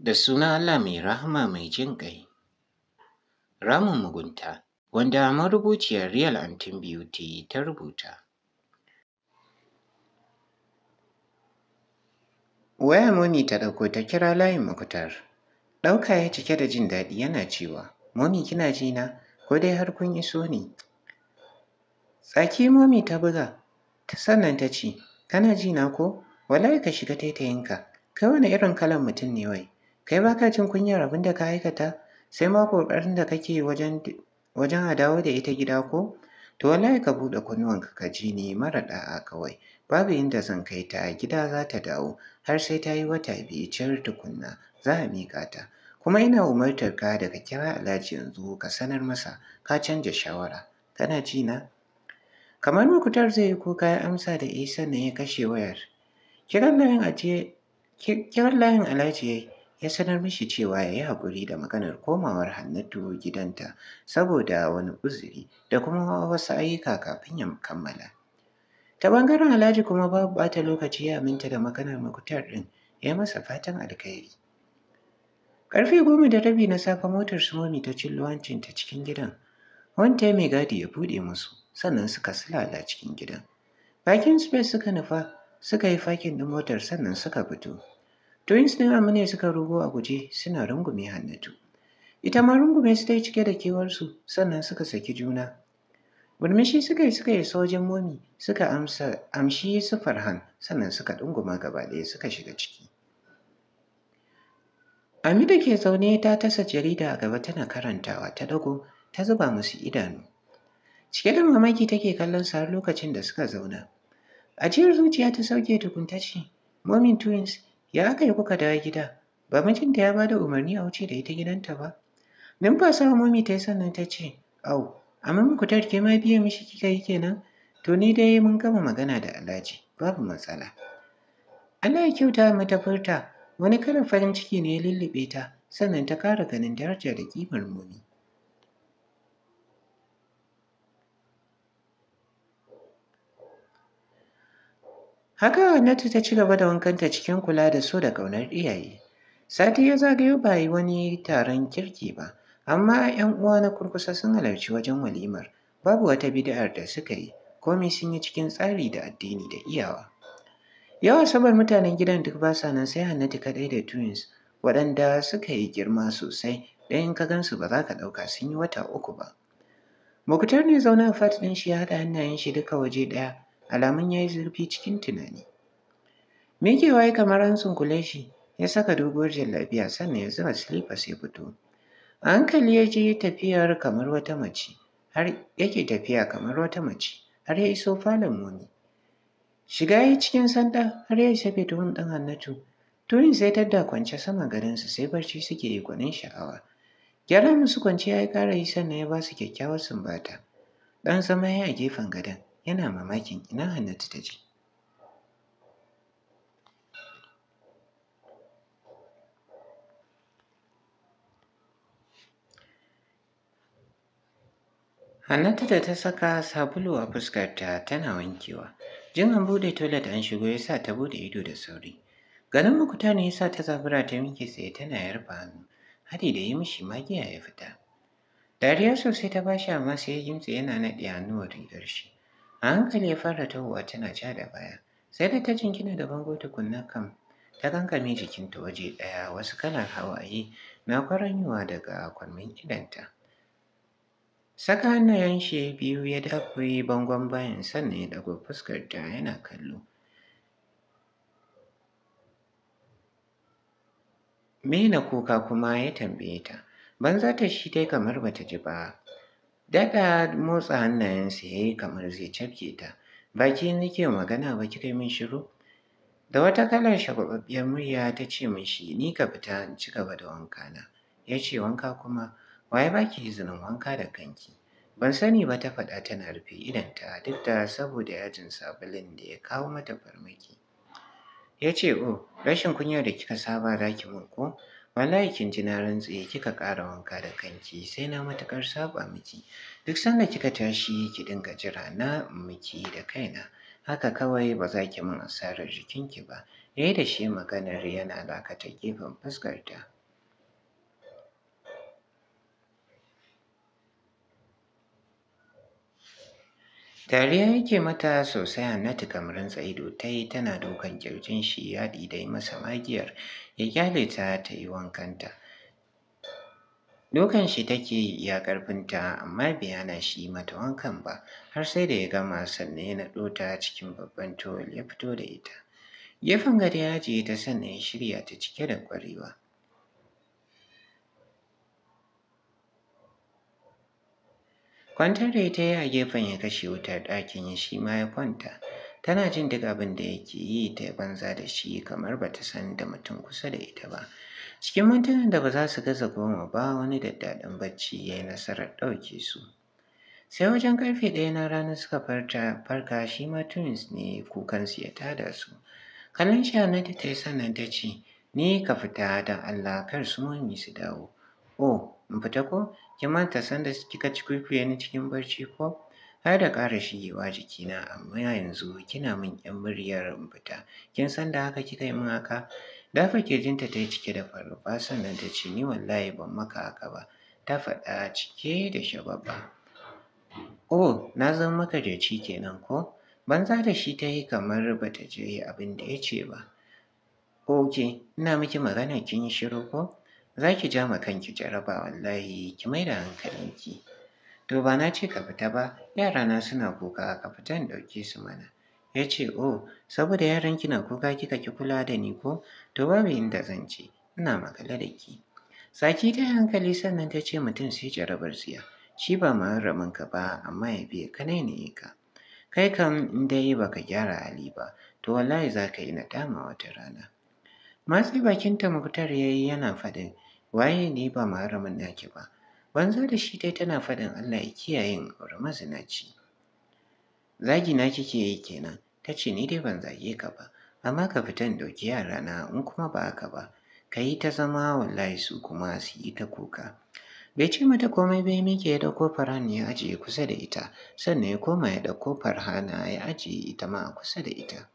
Da suna Allah mai rahama mai jin ƙai. Ramin mugunta, wanda marubuciyar Real Antin Beauty ta rubuta. Waya Moni ta ɗauko ta kira layin makutar. Ɗauka ya cike da jin daɗi yana cewa, Moni kina ji na, ko dai har kun iso ne. Tsaki Momi ta buga, ta sannan ta ce, Kana ji na ko? Wallahi ka shiga taitayinka, kai wani irin kalan mutum ne wai. kai ba ka jin kunyar abin da ka aikata sai ma ƙoƙarin da kake wajen wajen a dawo da ita gida ko to wallahi ka buɗe kunnuwanka ka ji ni mara ɗa'a kawai babu inda zan kai ta gida za ta dawo har sai ta yi wata biyu ciyar tukunna za a miƙa ta kuma ina umartar ka da ka kira alhaji yanzu ka sanar masa ka canza shawara kana ji na kamar mukutar zai yi kuka ya amsa da isa eh na ya kashe wayar kiran layin alhaji ya ya sanar mishi cewa ya yi haƙuri da maganar komawar hannatu gidanta saboda wani uzuri da kuma wasu ayyuka kafin ya kammala. Ta ɓangaren Alhaji kuma babu ɓata lokaci ya aminta da maganar makutar ɗin ya masa fatan alkhairi. Ƙarfe goma da rabi na safe motar Sumomi ta luwancin ta cikin gidan. Wanta mai gadi ya buɗe musu sannan suka silala cikin gidan. Bakin space suka nufa suka yi fakin ɗin motar sannan suka fito. Twins ɗin Amina suka rugo a guje suna rungume Hannatu. Ita ma rungume su ta yi cike da kewarsu sannan suka saki juna. Burmishi suka yi suka yi sojin momi suka amsa amshi su farhan sannan suka ɗunguma gaba ɗaya suka shiga ciki. da ke zaune ta tasa jarida a gaba tana karantawa ta dago ta zuba musu idanu. Cike da mamaki take kallon su har lokacin da suka zauna. Ajiyar zuciya ta sauke tukuntaci. Momin Twins Ya aka yi kuka dawo gida? Ba mijinta ya ba da umarni a wuce da ita gidanta ba? sa mami ta yi sannan ta ce, Au, amma muku rike ma biye mishi kika yi kenan? To ni dai mun gama magana da Alhaji, babu matsala. Allah ya kyauta mata furta, wani karin farin ciki ne ya lullube ta, sannan ta kara ganin daraja da ƙimar momi. Haka Hannatu ta ci gaba da wankanta cikin kula da su da ƙaunar iyaye. Sati ya zagayo ba yi wani taron kirki ba, amma 'yan uwa na kurkusa sun halarci wajen walimar. Babu wata bid'ar da suka yi, komai sun yi cikin tsari da addini da iyawa. Yawa sabar mutanen gidan duk ba sa nan sai Hannatu kaɗai da twins waɗanda suka yi girma sosai ɗayan ka gansu ba za ka ɗauka sun yi wata uku ba. Mukutar ne zaune fat ɗin shi ya haɗa hannayen shi duka waje ɗaya alamun ya yi zurfi cikin tunani miƙewa ya kamar an sunkule shi ya saka doguwar jallabiya sannan ya zuba sai ya fito a hankali ya je tafiyar kamar wata mace har yake tafiya kamar wata mace har ya iso falon muni shiga ya cikin sanda har ya isa fitowar ɗan hannatu Tuni sai tadda kwance sama garinsu sai barci suke yi gwanin sha'awa gyara musu kwanciya ya ƙara yi sannan ya ba su kyakkyawar sumbata ɗan zama ya a gefen gadon yana mamakin ina Hannatu ta je. Hannatu da ta saka sabulu a fuskarta tana wankewa. Jin an buɗe toilet an shigo ya sa ta buɗe ido da sauri. Ganin makuta ne ya sa ta zabura ta miƙe tsaye tana yarfa hannu. Hadi da yi mishi magiya ya fita. Dariya sosai ta bashi amma sai ya gimtse yana naɗe hannuwar rigar shi. a hankali ya fara tahowa tana ja da baya sai da ta jingina da bango tukunna kam ta kankame jikinta waje ɗaya wasu kalan hawaye na kwaranyowa daga kwalmin idanta saka hannayen shi biyu ya dafe bangon bayan sannan ya ɗago ta yana kallo mena kuka kuma ya tambaye ta banza ta shi dai kamar bata ji ba Daɗa motsa hannayensa ya yi kamar zai cafke ta. Baki nake magana ba kika min shiru? Da wata kalar shagwababbiyar murya ta ce mishi ni ka fita in ci gaba da wanka na. Ya ce wanka kuma waye baki izinin wanka da kanki? Ban sani ba ta faɗa tana rufe idonta duk da saboda yajin sabulun da ya kawo mata farmaki. Ya ce o oh, rashin kunyar da kika saba za ki mun ko? wallahi kin ji na rantse kika ƙara wanka da kanki sai na matuƙar saba miki duk sanda kika tashi ki dinga jira na miki da kaina haka kawai ba za ki min asarar jikinki ba yayi da shi maganar yana lakata gefen fuskarta Dariya yake mata sosai Hannatu kamar ido ta yi tana dukan kirjin shi ya dai masa magiyar ya kyale ta ta yi wankanta Dukan shi take iya ƙarfinta amma bai hana shi mata wankan ba har sai da ya gama sannan ya naɗo ta cikin babban towel ya fito da ita. Gefen gado ya ajiye ta sannan ya shirya ta cike da ƙwarewa. Kwantar da ita ya gefen ya kashe wutar ɗakin ya shi ma ya kwanta. tana jin duk abin da yake yi ta banza da shi kamar ba ta san da mutum kusa da ita ba cikin mintunan da ba za su gaza goma ba wani daddaɗin bacci ya yi nasarar ɗauke su sai wajen karfe ɗaya na rana suka farta farka shi ma twins ne kukan su ya tada su kallon shi da ta yi sannan ta ce ni ka fita don allah kar su mami su dawo oh in fita ko kin manta sanda kika ci kwikwiye ni cikin barci ko har da ƙara shigewa jikina amma yanzu kina min ƴan muryar in kin san da haka kika yi min haka dafa kirjinta ta yi cike da fargaba sannan ta ce ni wallahi ban maka haka ba ta faɗa cike da shababba oh na zama maka da kenan ko banza da shi ta yi kamar ba ta je abin da ya ce ba ok ina miki magana kin yi shiru ko za ki ja ma kanki jaraba wallahi ki mai da hankalinki To ba na ce ka fita ba, yarana suna kuka ka fita in ɗauke su mana. Ya ce, Oh, saboda yaran kina kuka kika ki kula da ni ko? To babu inda zan ce, ina makale da ki. Saki ta yi hankali sannan ta ce mutum sai jarabar tsiya. Shi ba maharamin ka ba amma ya biya ka ne ka. Kai kam in dai baka gyara hali ba, to wallahi za ka yi nadama wata rana. Matsi bakinta muktar ya yi yana faɗin, waye ne ba maharamin naki ba, banza da shi dai tana faɗin Allah ya kiyaye in aure mazinaci zagi na kike yi kenan ta ce ni dai ban zage ka ba amma ka fita in ɗauki na in kuma ba haka ba ka yi ta zama wallahi su kuma su yi ta kuka bai ce mata komai bai mike ya ɗauko farhan ya ajiye kusa da ita sannan ya koma ya ɗauko farhana ya ajiye ita ma a kusa da ita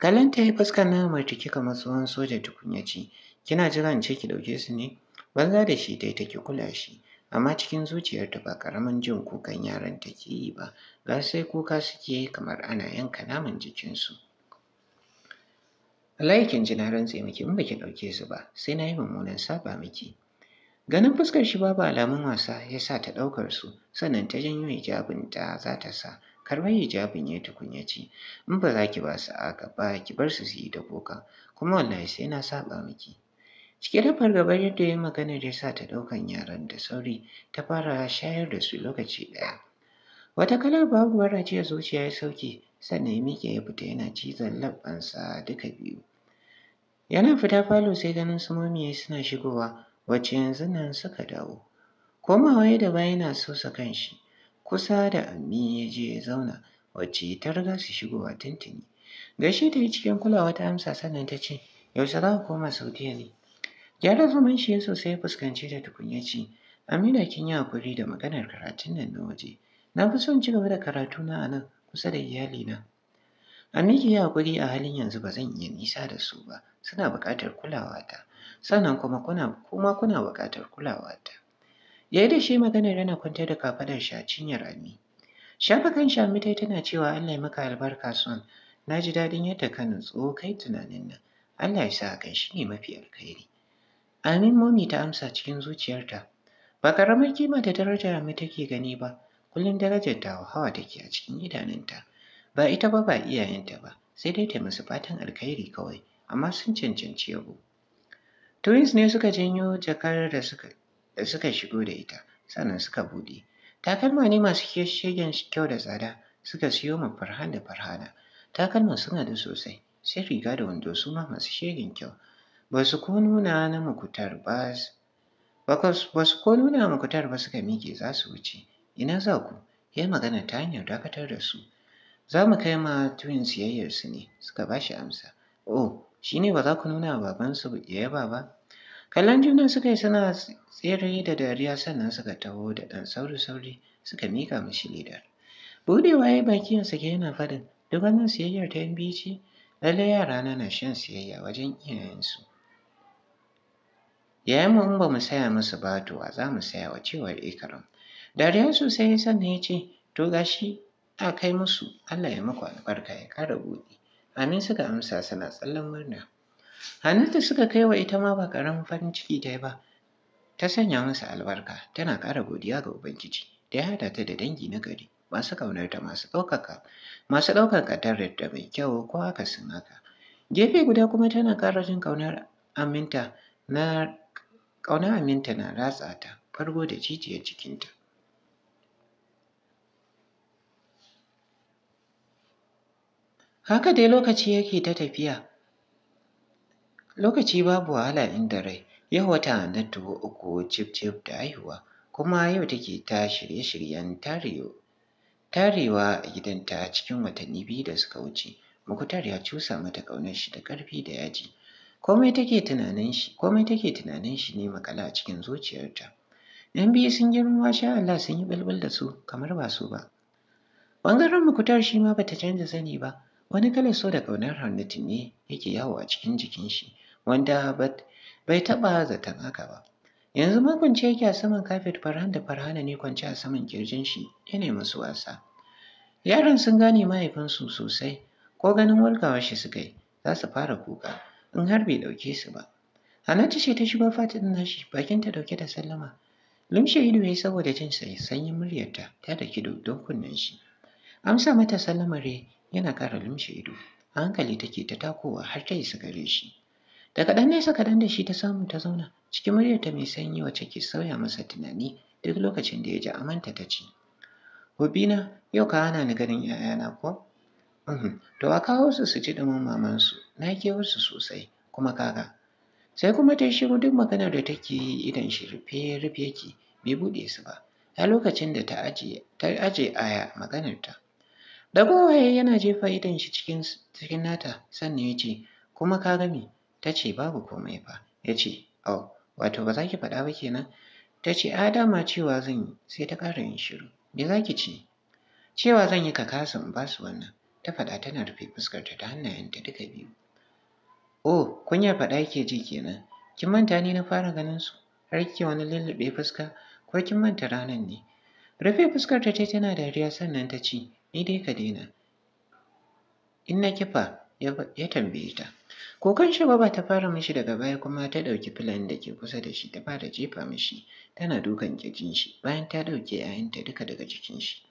kalanta ya fuskar na martiki kamar tsohon soja tukunya ce kina jiran ce ki ɗauke su ne banza da shi dai take kula shi amma cikin zuciyarta ba ƙaramin jin kukan yaran ke yi ba ga sai kuka suke kamar ana yanka naman jikinsu Alaikin ji na rantse miki in baki ɗauke su ba sai na yi mummunan saba miki ganin fuskar shi babu alamun wasa ya sa ta ɗaukar su sannan ta janyo hijabin ta za ta sa karɓar hijabin ya tukunya ce in ba za ki ba su aka ba ki bar su su yi da kuka kuma wallahi sai na saba miki cike da fargabar yadda ya yi magana da sa ta ɗaukan yaran da sauri ta fara shayar da su lokaci ɗaya wata kalar babuwar rajiyar zuciya ya sauke sannan ya miƙe ya fita yana cizon labbansa duka biyu yana fita falo sai ganin su mamiye suna shigowa wacce yanzu nan suka dawo komawa ya da yana so kanshi kusa da ammi ya je ya zauna wacce ta riga su shigowa tuntuni gaishe ta yi cikin kulawa ta amsa sannan ta ce yaushe za ku koma saudiya ne Gyaran zaman shi ya sosai ya fuskanci da tukunyaci ce, Amina kin yi hakuri da maganar karatun nan na waje. Na fi son ci gaba da karatuna a nan kusa da iyalina. Aminu ki yi hakuri a halin yanzu ba zan iya nisa da su ba, suna buƙatar kulawa ta. Sannan kuma kuna kuma kuna buƙatar kulawata. Yayi da shi maganar yana kwantar da kafaɗar shi a cinyar Ami. Shafa kan Shami tai tana cewa Allah ya maka albarka son. Na ji daɗin yadda ka nutso kai tunanin nan. Allah ya sa ka shi ne mafi alkhairi. Amin momi ta amsa cikin zuciyarta. Ba ƙaramar kima da daraja mai take gani ba, kullum darajar ta hawa take a cikin idanunta. Ba ita ba ba iyayenta ba, sai dai ta musu fatan alkhairi kawai, amma sun cancanci yabo. Twins ne suka janyo jakar da suka, shigo da ita, sannan suka buɗe. Takalma ne masu shegen kyau da tsada suka siyo ma Farhan da Farhana. Takalman suna da sosai, sai riga da wando su ma masu shegen kyau. ba su ko nuna na mukutar ba suka miƙe za su wuce ina za ku ya magana ta hanyar dakatar da su za mu kai ma tuyin siyayyarsu ne suka ba shi amsa oh shi ne ba za ku nuna babansu ya yaba ba kallon juna suka yi suna tsere da dariya sannan suka taho da ɗan sauri-sauri suka mika mashi ledar budewa ya baki yin sake yana faɗin duk wannan siyayyar ta yan bici lallai yara na shan siyayya wajen iyayensu yayin mu in ba mu saya musu ba to wa za mu saya wa cewar ikaram eh, dariya sosai ya sanya ya ce to gashi a kai musu Allah ya maku albarka ya kara buɗi amin suka amsa suna tsallan murna hannunta suka kai wa ita ma ba ƙaramin farin ciki ta yi ba ta sanya musu albarka tana kara godiya ga ubangiji da ya haɗa ta da dangi na gari masu ƙaunar ta masu ɗaukaka masu ɗaukar da mai kyau ko akasin haka gefe guda kuma tana ƙara jin ƙaunar aminta na ƙaunar aminta na ratsa ta fargo da jijiyar jikinta haka dai lokaci yake ta tafiya lokaci babu wahala inda rai yau wata na tuwo uku cif cif da haihuwa kuma yau take ta shirye-shiryen tarewa a gidanta cikin watanni biyu da suka wuce mukutar ya cusa mata ƙaunar shi da ƙarfi da yaji komai take tunanin shi komai take tunanin shi ne makala a cikin zuciyarta yan biyu sun girma sha Allah sun yi balbal da su kamar ba su ba bangaren mukutar shi ma bata canza sani ba wani kalar so da kaunar hannutin ne yake yawo a cikin jikin shi wanda bai taɓa zaton haka ba yanzu ma kwance yake a saman kafet farhan da farhana ne kwance a saman kirjin shi ya nemi su wasa yaran sun gane mahaifinsu sosai ko ganin walgawar shi suka yi za su fara kuka in har bai ɗauke su ba Hannatu ce ta shigo fatin nashi bakinta dauke da sallama lumshe ido ya saboda jin sai sanyin muryarta ta da kido don kunnen shi amsa mata sallamar yana ƙara lumshe ido a hankali take ta takowa har ta isa gare shi da kaɗan nesa kaɗan da shi ta samu ta zauna cikin muryarta mai sanyi wacce ke sauya masa tunani duk lokacin da ya ji amanta ta ce hobina yau ka hana ni ganin 'ya'yana ko Mhm. to a kawo su su ji ɗumin mamansu na su sosai kuma kaga sai kuma ta shiru duk maganar da take yi idan shi rufe rufe yake bai buɗe su ba a lokacin da ta aje ta aje aya maganar ta waye yana jefa idon shi cikin cikin nata sannan ya ce kuma ka gami ta ce babu komai fa ya ce wato ba za ki faɗa ba kenan ta ce a dama cewa zan yi sai ta ƙara yin shiru me za ki ce cewa zan yi ka kasa in ba su wannan ta faɗa tana rufe fuskarta da ta duka biyu oh kunyar faɗa ke ji kenan kin manta ni na fara ganin su har kike wani lullube fuska ko kin manta ranan ne rufe fuskarta ta tana dariya sannan ta ce ni dai ka daina in na kifa ya tambaye ta ko shi ba ta fara mishi daga baya kuma ta ɗauki filan da ke kusa da shi ta fara jefa mishi tana dukan kirjin shi bayan ta ɗauke 'ya'yanta duka daga jikin shi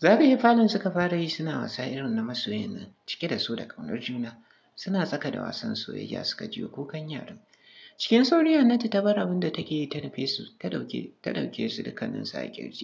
Zagaye falon suka fara yi suna wasa irin na masoyin nan cike da su da ƙaunar juna. Suna tsaka da wasan soyayya suka jiyo kukan yaran. Cikin sauri Hannatu ta bar abin da take yi ta nufe su ta ɗauke ta ɗauke su dukkaninsu a ƙirji.